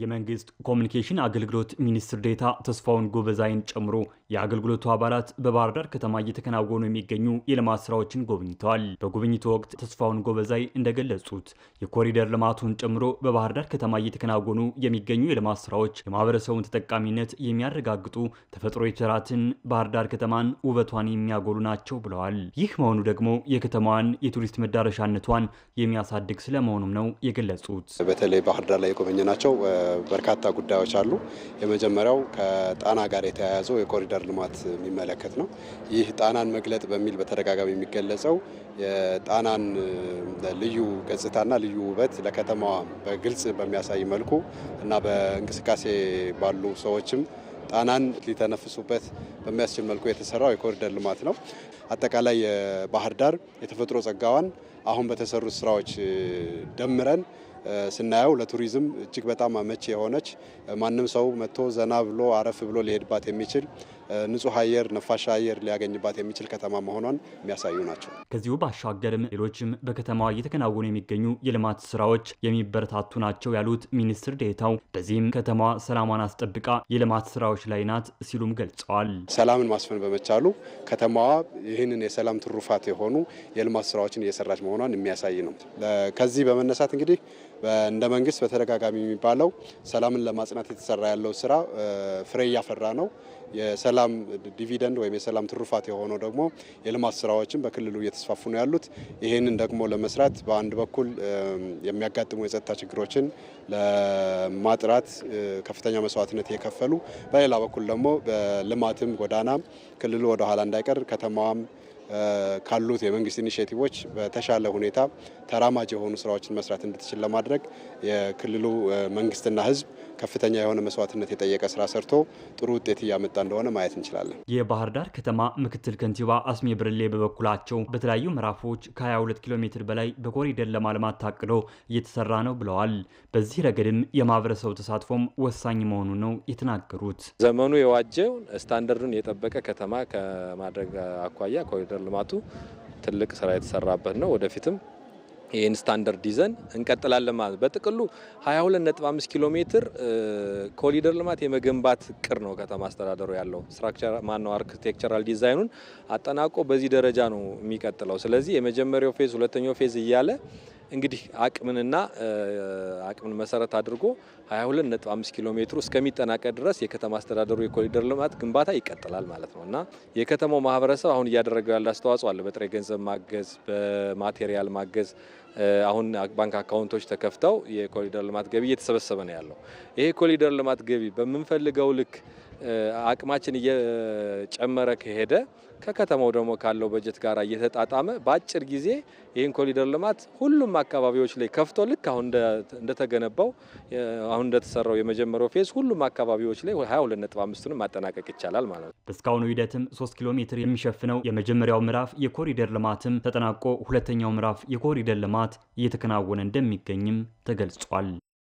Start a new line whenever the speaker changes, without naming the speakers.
የመንግስት ኮሚኒኬሽን አገልግሎት ሚኒስትር ዴታ ተስፋውን ጎበዛይን ጨምሮ የአገልግሎቱ አባላት በባህር ዳር ከተማ እየተከናወኑ የሚገኙ የልማት ስራዎችን ጎብኝተዋል። በጉብኝቱ ወቅት ተስፋውን ጎበዛይ እንደገለጹት የኮሪደር ልማቱን ጨምሮ በባህር ዳር ከተማ እየተከናወኑ የሚገኙ የልማት ስራዎች የማህበረሰቡን ተጠቃሚነት የሚያረጋግጡ፣ ተፈጥሮ የተራትን ባህር ዳር ከተማን ውበቷን የሚያጎሉ ናቸው ብለዋል። ይህ መሆኑ ደግሞ የከተማዋን የቱሪስት መዳረሻነቷን የሚያሳድግ ስለመሆኑም ነው የገለጹት።
በተለይ ባህር ዳር ላይ የጎበኘ ናቸው በርካታ ጉዳዮች አሉ። የመጀመሪያው ከጣና ጋር የተያያዘው የኮሪደር ልማት የሚመለከት ነው። ይህ ጣናን መግለጥ በሚል በተደጋጋሚ የሚገለጸው የጣናን ልዩ ገጽታና ልዩ ውበት ለከተማዋ በግልጽ በሚያሳይ መልኩ እና በእንቅስቃሴ ባሉ ሰዎችም ጣናን ሊተነፍሱበት በሚያስችል መልኩ የተሰራው የኮሪደር ልማት ነው። አጠቃላይ የባህር ዳር የተፈጥሮ ጸጋዋን አሁን በተሰሩት ስራዎች ደምረን ስናየው ለቱሪዝም እጅግ በጣም አመች የሆነች ማንም ሰው መጥቶ ዘና ብሎ አረፍ ብሎ ሊሄድባት የሚችል ንጹህ አየር ነፋሻ አየር ሊያገኝባት የሚችል ከተማ መሆኗን የሚያሳዩ ናቸው።
ከዚሁ ባሻገርም ሌሎችም በከተማዋ እየተከናወኑ የሚገኙ የልማት ስራዎች የሚበረታቱ ናቸው ያሉት ሚኒስትር ዴታው በዚህም ከተማዋ ሰላሟን አስጠብቃ የልማት ስራዎች ላይ ናት ሲሉም ገልጸዋል።
ሰላምን ማስፈን በመቻሉ ከተማዋ ይህንን የሰላም ትሩፋት የሆኑ የልማት ስራዎችን እየሰራች መሆኗን የሚያሳይ ነው። ከዚህ በመነሳት እንግዲህ እንደ መንግስት በተደጋጋሚ የሚባለው ሰላምን ለማጽናት የተሰራ ያለው ስራ ፍሬ እያፈራ ነው። የሰላም ዲቪደንድ ወይም የሰላም ትሩፋት የሆነው ደግሞ የልማት ስራዎችን በክልሉ እየተስፋፉ ነው ያሉት። ይህንን ደግሞ ለመስራት በአንድ በኩል የሚያጋጥሙ የጸጥታ ችግሮችን ለማጥራት ከፍተኛ መስዋዕትነት የከፈሉ፣ በሌላ በኩል ደግሞ በልማትም ጎዳና ክልሉ ወደኋላ እንዳይቀር ከተማዋም ካሉት የመንግስት ኢኒሽቲቮች በተሻለ ሁኔታ ተራማጅ የሆኑ ስራዎችን መስራት እንድትችል ለማድረግ የክልሉ መንግስትና ህዝብ ከፍተኛ የሆነ መስዋዕትነት የጠየቀ ስራ ሰርቶ ጥሩ ውጤት እያመጣ እንደሆነ ማየት እንችላለን።
የባህር ዳር ከተማ ምክትል ከንቲባ አስሜ ብርሌ በበኩላቸው በተለያዩ ምዕራፎች ከ22 ኪሎ ሜትር በላይ በኮሪደር ለማልማት ታቅዶ እየተሰራ ነው ብለዋል። በዚህ ረገድም የማህበረሰቡ ተሳትፎም ወሳኝ መሆኑ ነው የተናገሩት።
ዘመኑ የዋጀውን ስታንደርዱን የጠበቀ ከተማ ከማድረግ አኳያ የኮሪደር ልማቱ ትልቅ ስራ የተሰራበት ነው። ወደፊትም ይህን ስታንዳርድ ይዘን እንቀጥላለን ማለት በጥቅሉ 22.5 ኪሎ ሜትር ኮሊደር ልማት የመገንባት እቅድ ነው ከተማ አስተዳደሩ ያለው ስትራክቸር ማነው አርክቴክቸራል ዲዛይኑን አጠናቆ በዚህ ደረጃ ነው የሚቀጥለው። ስለዚህ የመጀመሪያው ፌዝ፣ ሁለተኛው ፌዝ እያለ እንግዲህ አቅምንና አቅምን መሰረት አድርጎ 22.5 ኪሎ ሜትሩ እስከሚጠናቀቅ ድረስ የከተማ አስተዳደሩ የኮሪደር ልማት ግንባታ ይቀጥላል ማለት ነው እና የከተማው ማህበረሰብ አሁን እያደረገው ያለ አስተዋጽኦ አለ። በጥሬ ገንዘብ ማገዝ፣ በማቴሪያል ማገዝ አሁን ባንክ አካውንቶች ተከፍተው የኮሪደር ልማት ገቢ እየተሰበሰበ ነው ያለው። ይሄ ኮሪደር ልማት ገቢ በምንፈልገው ልክ አቅማችን እየጨመረ ከሄደ ከከተማው ደግሞ ካለው በጀት ጋር እየተጣጣመ በአጭር ጊዜ ይህን ኮሪደር ልማት ሁሉም አካባቢዎች ላይ ከፍቶ ልክ አሁን እንደተገነባው አሁን እንደተሰራው የመጀመሪያው ፌዝ ሁሉም አካባቢዎች ላይ 22.5ቱን ማጠናቀቅ ይቻላል ማለት ነው።
እስካሁኑ ሂደትም 3 ኪሎ ሜትር የሚሸፍነው የመጀመሪያው ምዕራፍ የኮሪደር ልማትም ተጠናቆ ሁለተኛው ምዕራፍ የኮሪደር ልማት እየተከናወነ እንደሚገኝም ተገልጿል።